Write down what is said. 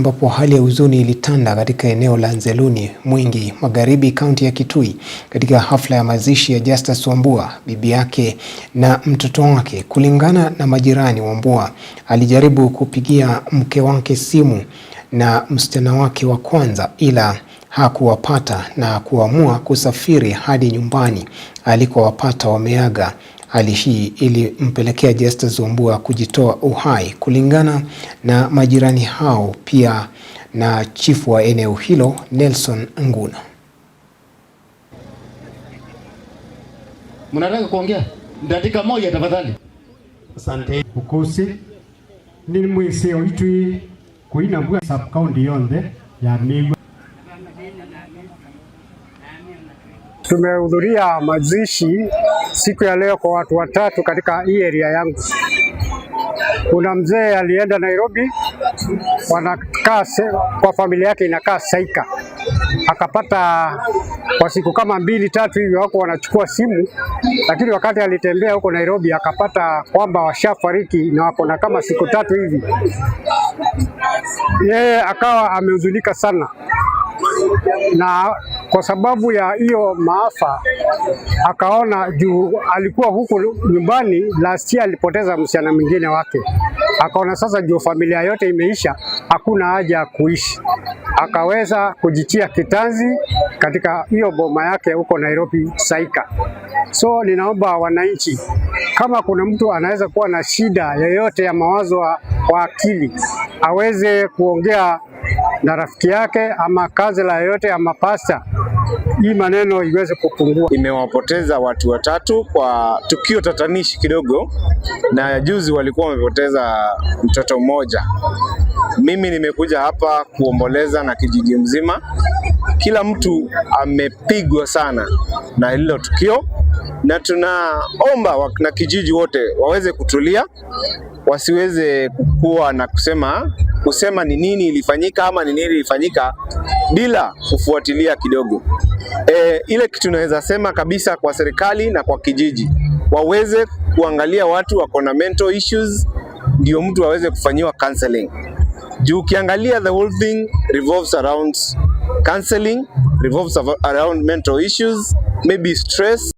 ambapo hali ya huzuni ilitanda katika eneo la Nzeluni Mwingi, magharibi kaunti ya Kitui, katika hafla ya mazishi ya Justus Wambua, bibi yake na mtoto wake. Kulingana na majirani, Wambua alijaribu kupigia mke wake simu na msichana wake wa kwanza ila hakuwapata na kuamua kusafiri hadi nyumbani alikowapata wameaga Hali hii ilimpelekea Jesta Zumbua kujitoa uhai. Kulingana na majirani hao pia na chifu wa eneo hilo Nelson Nguna. Mnataka kuongea dakika moja tafadhali. Asante. Ukosi ni mwise oitwi kuina mbua sub county yonde ya migwa Tumehudhuria mazishi siku ya leo kwa watu watatu katika hii area yangu. Kuna mzee alienda Nairobi, wanakaa kwa familia yake inakaa Saika, akapata kwa siku kama mbili tatu hivyo wako wanachukua simu, lakini wakati alitembea huko Nairobi akapata kwamba washafariki na wako na kama siku tatu hivi. Yeye akawa amehuzunika sana na kwa sababu ya hiyo maafa, akaona juu alikuwa huko nyumbani last year, alipoteza msichana mwingine wake, akaona sasa juu familia yote imeisha, hakuna haja ya kuishi, akaweza kujitia kitanzi katika hiyo boma yake huko Nairobi Saika. So ninaomba wananchi, kama kuna mtu anaweza kuwa na shida yoyote ya mawazo wa akili, aweze kuongea na rafiki yake ama kazela yoyote ama pasta hii maneno iweze kupungua. Imewapoteza watu watatu kwa tukio tatanishi kidogo, na juzi walikuwa wamepoteza mtoto mmoja. Mimi nimekuja hapa kuomboleza na kijiji mzima, kila mtu amepigwa sana na hilo tukio, na tunaomba na kijiji wote waweze kutulia, wasiweze kukua na kusema kusema ni nini ilifanyika ama ni nini ilifanyika bila kufuatilia kidogo. E, ile kitu tunaweza sema kabisa kwa serikali na kwa kijiji waweze kuangalia watu wako na mental issues, ndio mtu aweze kufanyiwa counseling. Juu ukiangalia the whole thing revolves around counseling, revolves around mental issues, maybe stress.